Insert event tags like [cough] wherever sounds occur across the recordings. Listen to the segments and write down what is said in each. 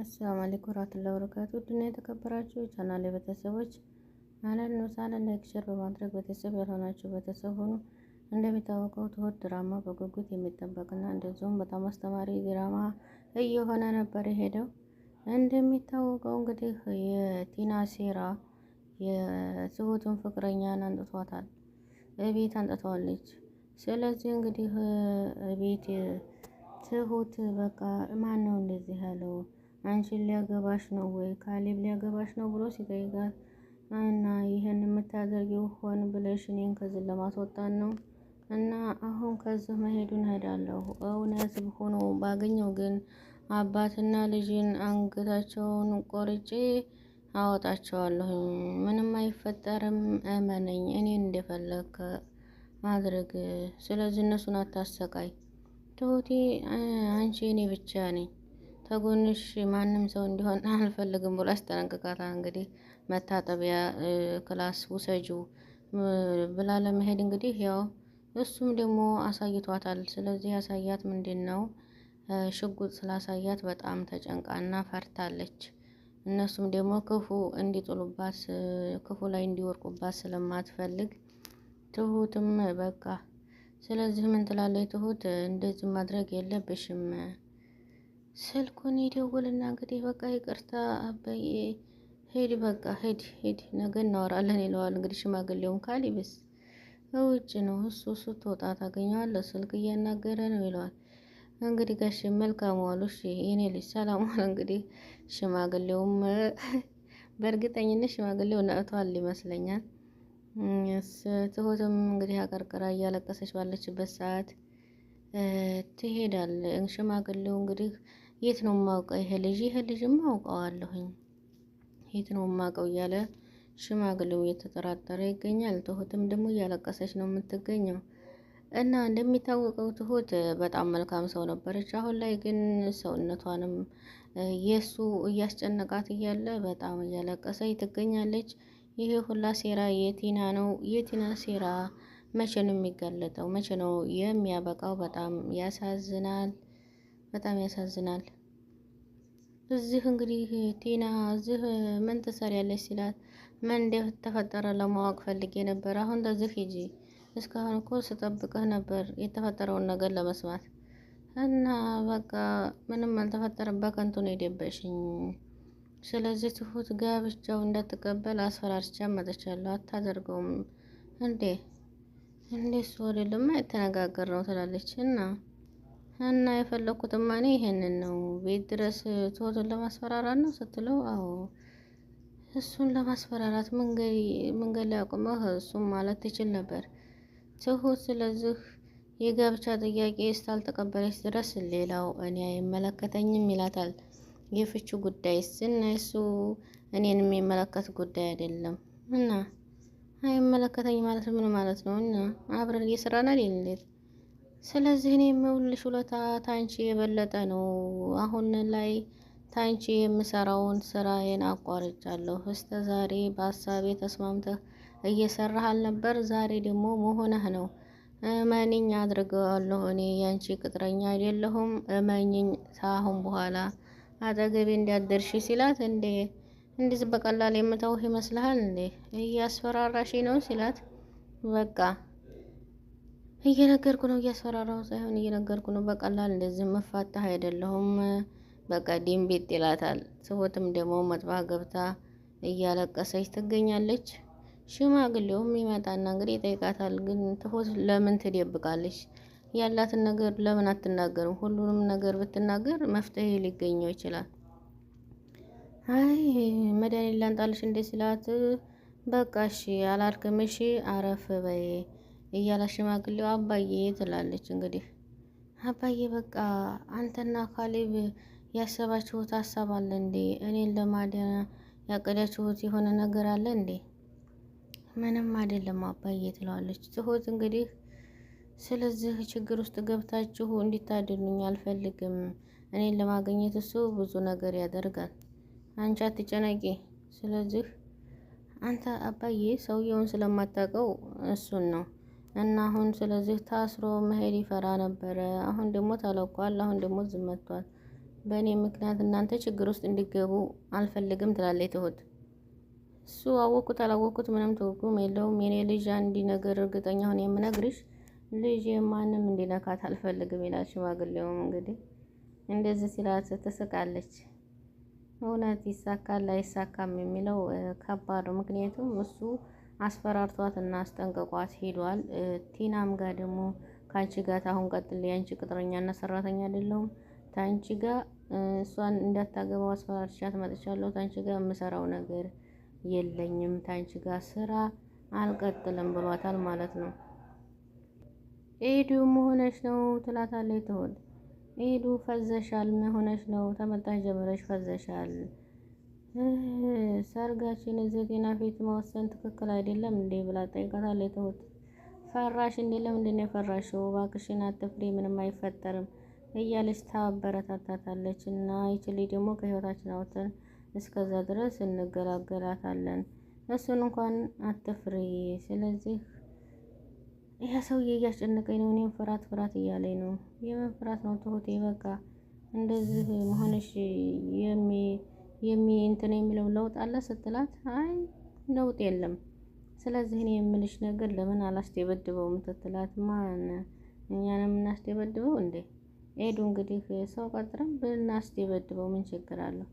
አሰላሙ አለይኩም ወራህመቱላሂ ወበረካቱ ድና የተከበራችሁ የቻናል ቤተሰቦች ማለት ነው። ሳለን ላይክ ሼር በማድረግ ቤተሰብ ያልሆናችሁ ቤተሰብ ሁኑ። እንደሚታወቀው ትሁት ድራማ በጉጉት የሚጠበቅና እንደዚሁም በጣም አስተማሪ ድራማ እየሆነ ነበር የሄደው። እንደሚታወቀው እንግዲህ የቲና ሴራ የትሁትን ፍቅረኛን አንጥቷታል፣ እቤት አንጥቷለች። ስለዚህ እንግዲህ እቤት ትሁት በቃ ማን ነው እንደዚህ ያለው አንቺን ሊያገባሽ ነው ወይ ካሌብ ሊያገባሽ ነው ብሎ ሲጠይቃት እና ይህን የምታደርጊው ሆን ብለሽ እኔን ከዚህ ለማስወጣት ነው እና አሁን ከዚህ መሄዱን እሄዳለሁ። እውነት ሆኖ ባገኘው ግን አባትና ልጅን አንገታቸውን ቆርጬ አወጣቸዋለሁ ምንም አይፈጠርም፣ እመነኝ። እኔን እንደፈለግከ ማድረግ ስለዚህ እነሱን አታሰቃይ ትሁቴ። አንቺ እኔ ብቻ ነኝ ተጎንሽ ማንም ሰው እንዲሆን [laughs] አልፈልግም ብሎ አስጠነቅቃታ። እንግዲህ መታጠቢያ ክላስ ውሰጁ ብላ ለመሄድ እንግዲህ ያው እሱም ደግሞ አሳይቷታል። ስለዚህ ያሳያት ምንድን ነው ሽጉጥ ስላሳያት በጣም ተጨንቃና ፈርታለች። እነሱም ደግሞ ክፉ እንዲጥሉባት ክፉ ላይ እንዲወርቁባት ስለማትፈልግ ትሁትም በቃ ስለዚህ ምን ትላለች ትሁት እንደዚህ ማድረግ የለብሽም ስልኩን ይደውልና እንግዲህ በቃ ይቅርታ አበይ ሄድ በቃ ሄድ ሄድ ነገ እናወራለን ይለዋል። እንግዲህ ሽማግሌውን ካሊብስ ውጭ ነው እሱ ስትወጣ ታገኘዋለህ፣ ስልክ እያናገረ ነው ይለዋል። እንግዲህ ጋሽ መልካም ዋሉ፣ እሺ የኔ ልጅ ሰላም ዋል። እንግዲህ ሽማግሌውም [laughs] በእርግጠኝነት ሽማግሌው ነእቷል ይመስለኛል። ትሁትም እንግዲህ አቀርቅራ እያለቀሰች ባለችበት ሰዓት ትሄዳል ሽማግሌው እንግዲህ የት ነው የማውቀው ይሄ ልጅ ይሄ ልጅማ አውቀዋለሁኝ የት ነው የማውቀው እያለ ሽማግሌው እየተጠራጠረ ይገኛል። ትሁትም ደግሞ እያለቀሰች ነው የምትገኘው። እና እንደሚታወቀው ትሁት በጣም መልካም ሰው ነበረች። አሁን ላይ ግን ሰውነቷንም የእሱ እያስጨነቃት እያለ በጣም እያለቀሰች ትገኛለች። ይሄ ሁላ ሴራ የቲና ነው። የቲና ሴራ መቼ ነው የሚጋለጠው? መቼ ነው የሚያበቃው? በጣም ያሳዝናል። በጣም ያሳዝናል። እዚህ እንግዲህ ቲና እዚህ ምን ትሰሪያለሽ ሲላት ምን እንደተፈጠረ ለማወቅ ፈልጌ ነበር። አሁን ለዚህ ሂጂ። እስካሁን እኮ ስጠብቅህ ነበር የተፈጠረውን ነገር ለመስማት እና በቃ ምንም አልተፈጠረም። በከንቱ ነው የደበሽኝ። ስለዚህ ትሁት ጋብቻው እንዳትቀበል አስፈራርቻ መጥቻለሁ። አታደርገውም እንዴ? እንዴ እሱ አይደለም የተነጋገር ነው ትላለች እና እና የፈለኩትማ እኔ ይሄንን ነው። ቤት ድረስ ትወቱን ለማስፈራራት ነው ስትለው፣ አዎ እሱን ለማስፈራራት መንገድ ላይ አቁመህ እሱም ማለት ትችል ነበር ትሁት። ስለዚህ የጋብቻ ጥያቄ እስካልተቀበለች ድረስ ሌላው እኔ አይመለከተኝም ይላታል። የፍቹ ጉዳይ ስና እሱ እኔን የሚመለከት ጉዳይ አይደለም እና አይመለከተኝ ማለት ምን ማለት ነው? እና አብረን እየሰራን አይደል ስለዚህ እኔ የምውልሽ ውለታ ታንቺ የበለጠ ነው። አሁን ላይ ታንቺ የምሰራውን ስራዬን አቋርጫለሁ። እስከ ዛሬ በሀሳቤ ተስማምተህ እየሰራህ አልነበር? ዛሬ ደግሞ መሆነህ ነው። እመንኝ አድርገዋለሁ። እኔ ያንቺ ቅጥረኛ አይደለሁም። እመኝኝ ሳሁን በኋላ አጠገቤ እንዲያደርሽ ሲላት፣ እንዴ እንዲህ በቀላል የምተውህ ይመስልሃል እንዴ? እያስፈራራሽ ነው ሲላት፣ በቃ እየነገርኩ ነው፣ እያስፈራራሁ ሳይሆን እየነገርኩ ነው። በቀላል እንደዚህ መፋታህ አይደለሁም። በቃ ዲም ቤት ይላታል። ትሁትም ደግሞ መጥባህ ገብታ እያለቀሰች ትገኛለች። ሽማግሌውም ይመጣና እንግዲህ ይጠይቃታል። ግን ትሁት ለምን ትደብቃለች? ያላትን ነገር ለምን አትናገርም? ሁሉንም ነገር ብትናገር መፍትሄ ሊገኘው ይችላል። አይ መድኃኒት ላንጣልሽ እንዴ ሲላት፣ በቃ እሺ አላልክም፣ እሺ አረፍ በይ እያለ ሽማግሌው አባዬ ትላለች። እንግዲህ አባዬ በቃ አንተና ካሌብ ያሰባችሁት ሀሳብ አለ እንዴ? እኔን ለማዳን ያቀዳችሁት የሆነ ነገር አለ እንዴ? ምንም አይደለም አባዬ ትለዋለች ትሁት። እንግዲህ ስለዚህ ችግር ውስጥ ገብታችሁ እንዲታድኑኝ አልፈልግም። እኔን ለማግኘት እሱ ብዙ ነገር ያደርጋል። አንቺ አትጨነቂ። ስለዚህ አንተ አባዬ ሰውየውን ስለማታውቀው እሱን ነው እና አሁን ስለዚህ ታስሮ መሄድ ይፈራ ነበረ። አሁን ደግሞ ተለቋል። አሁን ደግሞ ዝም መጥቷል። በእኔ ምክንያት እናንተ ችግር ውስጥ እንዲገቡ አልፈልግም ትላለች ትሁት። እሱ አወቅኩት አላወቅኩት ምንም ትርጉም የለውም። የኔ ልጅ አንድ ነገር እርግጠኛ ሁን የምነግርሽ ልጅ ማንም እንዲነካት አልፈልግም ይላል ሽማግሌውም። እንግዲህ እንደዚህ ሲላት ትስቃለች። እውነት ይሳካል አይሳካም የሚለው ከባድ ነው። ምክንያቱም እሱ አስፈራርቷት እና አስጠንቅቋት ሄዷል። ቲናም ጋር ደግሞ ከአንቺ ጋር ታሁን ቀጥል የአንቺ ቅጥረኛና ሰራተኛ አይደለሁም ታንቺ ጋር እሷን እንዳታገባው አስፈራርቻት መጥቻለሁ። ታንቺ ጋር የምሰራው ነገር የለኝም ታንቺ ጋር ስራ አልቀጥልም ብሏታል ማለት ነው። ኤዱ መሆነች ነው ትላታለች ትሆን ኤዱ ፈዘሻል መሆነች ነው ተመጣ ጀምረች ፈዘሻል ሰርጋችን እዚህ ጤና ፊት መወሰን ትክክል አይደለም እንዴ ብላ ጠይቃታለች። ትሁት ፈራሽ እንዴ? ለምንድን ነው የፈራሽው? እባክሽን አትፍሪ፣ ምንም አይፈጠርም እያለች ታበረታታታለች። እና ይችሌ ደግሞ ከህይወታችን አውጥተን እስከዛ ድረስ እንገላገላታለን። እሱን እንኳን አትፍሪ። ስለዚህ ያ ሰውዬ እያስጨነቀኝ ነው፣ እኔም ፍራት ፍራት እያለኝ ነው። የምን ፍራት ነው ትሁቴ? በቃ እንደዚህ መሆንሽ የሚ የሚ እንትን የሚለው ለውጥ አለ ስትላት፣ አይ ለውጥ የለም። ስለዚህ እኔ የምልሽ ነገር ለምን አላስደበድበውም ስትላት፣ ማን እኛን የምናስደበድበው እንዴ? ኤዱ እንግዲህ ሰው ቀጥረን ብናስደበድበው ምን ችግር አለው?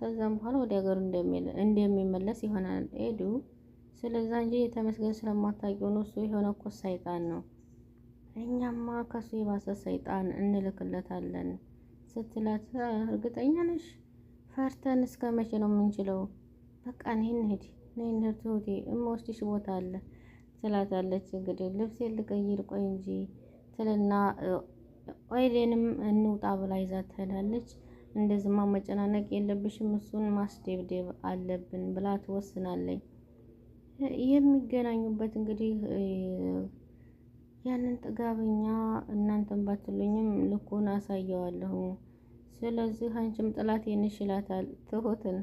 ከዛም በኋላ ወደ ሀገሩ እንደሚመለስ ይሆናል ኤዱ። ስለዛ እንጂ የተመስገን ስለማታውቂው ነው። እሱ የሆነ እኮ ሰይጣን ነው። እኛማ ከሱ የባሰ ሰይጣን እንልክለታለን ስትላት፣ እርግጠኛ ነሽ ፈርተን እስከ መቼ ነው የምንችለው? በቃ ነይን ሂድ ነይን ሂድ ትሁቴ እምወስድሽ ቦታ አለ ትላታለች። እንግዲህ ልብሴ ልቀይር ቆይ እንጂ ትልና ኦይሌንም እንውጣ ብላ ይዛ ትሄዳለች። እንደዚህማ መጨናነቅ የለብሽም እሱን ማስደብደብ አለብን ብላ ትወስናለኝ። የሚገናኙበት እንግዲህ ያንን ጥጋበኛ እናንተን ባትሉኝም ልኩን አሳየዋለሁ ስለዚህ አንቺም ጥላት የንሽ ይላታል ትሁትን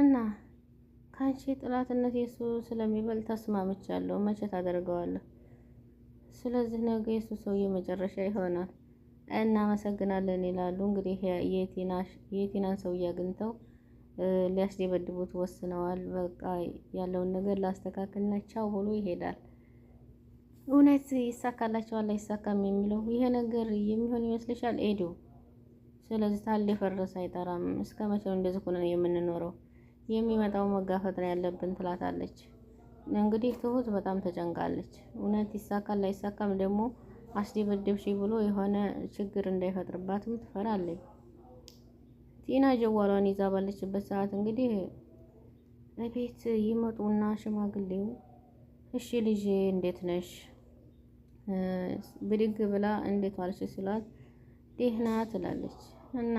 እና ከአንቺ ጥላትነት የሱ ስለሚበልጥ ተስማምቻለሁ። መቼ ታደርገዋለሁ? ስለዚህ ነገ የሱ ሰውዬ መጨረሻ ይሆናል። እናመሰግናለን ይላሉ። እንግዲህ የቲናን ሰውዬ አግኝተው ሊያስደበድቡት ወስነዋል። በቃ ያለውን ነገር ላስተካክልና ቻው ብሎ ይሄዳል። እውነት ይሳካላቸዋል አይሳካም የሚለው ይሄ ነገር የሚሆን ይመስልሻል ኤዲው ስለዚህ ታል የፈረሰ አይጠራም። እስከ መቼው እንደዚህ ሆነን የምንኖረው የሚመጣው መጋፈጥ ነው ያለብን ትላታለች። እንግዲህ ትሁት በጣም ተጨንቃለች። እውነት ይሳካል ላይሳካም ደግሞ አስደበደብሽ ብሎ የሆነ ችግር እንዳይፈጥርባትም ትፈራለች። ቲና ጀዋሏን ይዛ ባለችበት ሰዓት እንግዲህ እቤት ይመጡና ሽማግሌው እሺ ልጅ እንዴት ነሽ? ብድግ ብላ እንዴት ዋልሽ ሲሏት ደህና ትላለች። እና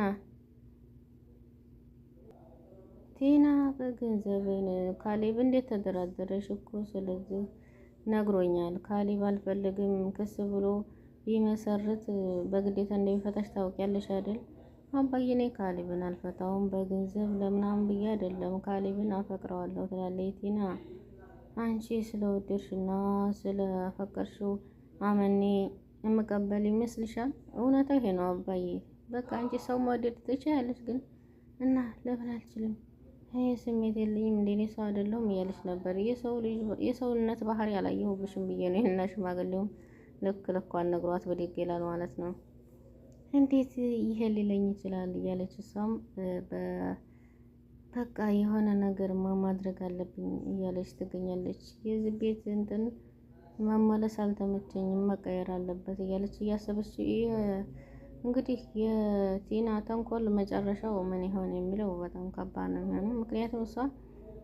ቲና በገንዘብን ካሌብ እንዴት ተደራደረሽ እኮ ስለዚህ ነግሮኛል። ካሌብ አልፈልግም ክስ ብሎ ቢመሰርት በግዴታ እንደሚፈታሽ ታውቂያለሽ አይደል? አባዬ እኔ ካሌብን አልፈታውም በገንዘብ ለምናምን ብዬ አይደለም። ካሌብን አፈቅረዋለሁ ትላለች ቲና። አንቺ ስለወደድሽና ስለፈቀርሽው አመኔ የምቀበል ይመስልሻል? እውነታ ይሄ ነው አባዬ በቃ አንቺ ሰው መውደድ ትችያለሽ፣ ግን እና ለምን አልችልም? ይሄ ስሜት የለኝም እንዴ እኔ ሰው አይደለሁም እያለች ነበር። የሰው ልጅ የሰውነት ባህሪ አላየሁብሽም ብዬ ነው እና ሽማግሌውም ልክ ልኳን ነግሯት ብድግ ይላል ማለት ነው። እንዴት ይሄ ሊለኝ ይችላል? እያለች እሷም በቃ የሆነ ነገር ማድረግ አለብኝ እያለች ትገኛለች። የዚህ ቤት እንትን መመለስ አልተመቸኝም፣ መቀየር አለበት እያለች እያሰበች እንግዲህ የቲና ተንኮል መጨረሻው ምን ይሆን የሚለው በጣም ከባድ ነው የሚሆነው። ምክንያቱም እሷ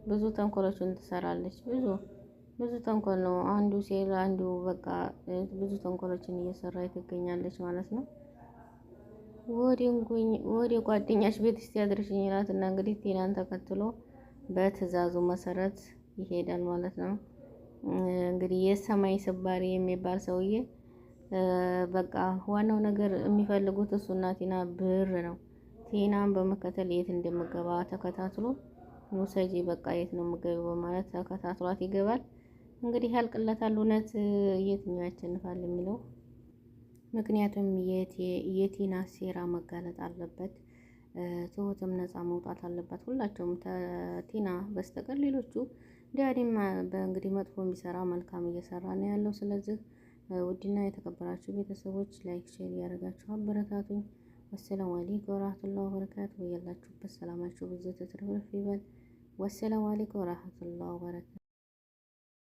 ብዙ ተንኮሎችን ትሰራለች። ብዙ ብዙ ተንኮል ነው አንዱ ሴል አንዱ በቃ ብዙ ተንኮሎችን እየሰራች ትገኛለች ማለት ነው። ወደ ጓደኛሽ ቤት እስቲ አድርሽኝ ይላት እና እንግዲህ ቲናን ተከትሎ በትዕዛዙ መሰረት ይሄዳል ማለት ነው። እንግዲህ የሰማይ ስባሪ የሚባል ሰውዬ በቃ ዋናው ነገር የሚፈልጉት እሱና ቲና ብር ነው። ቲናን በመከተል የት እንደምገባ ተከታትሎ ውሰጂ በቃ የት ነው የምገቢው በማለት ተከታትሏት ይገባል። እንግዲህ ያልቅለታል። እውነት የትኛው ያቸንፋል የሚለው ምክንያቱም የቲና ሴራ መጋለጥ አለበት። ትሁትም ነፃ መውጣት አለባት። ሁላቸውም ቲና በስተቀር ሌሎቹ ዲያዲም በእንግዲህ መጥፎ የሚሰራ መልካም እየሰራ ነው ያለው ስለዚህ ውድና የተከበራችሁ ቤተሰቦች ላይክ፣ ሼር እያደረጋችሁ አበረታቱኝ። ወሰላሙ አለይኩም ወራህመቱላሂ ወበረካቱ። ያላችሁበት ሰላማችሁ ብዙ ትትርፍርፍ ይበል። ወሰላሙ አለይኩም ወራህመቱላሂ ወበረካቱ።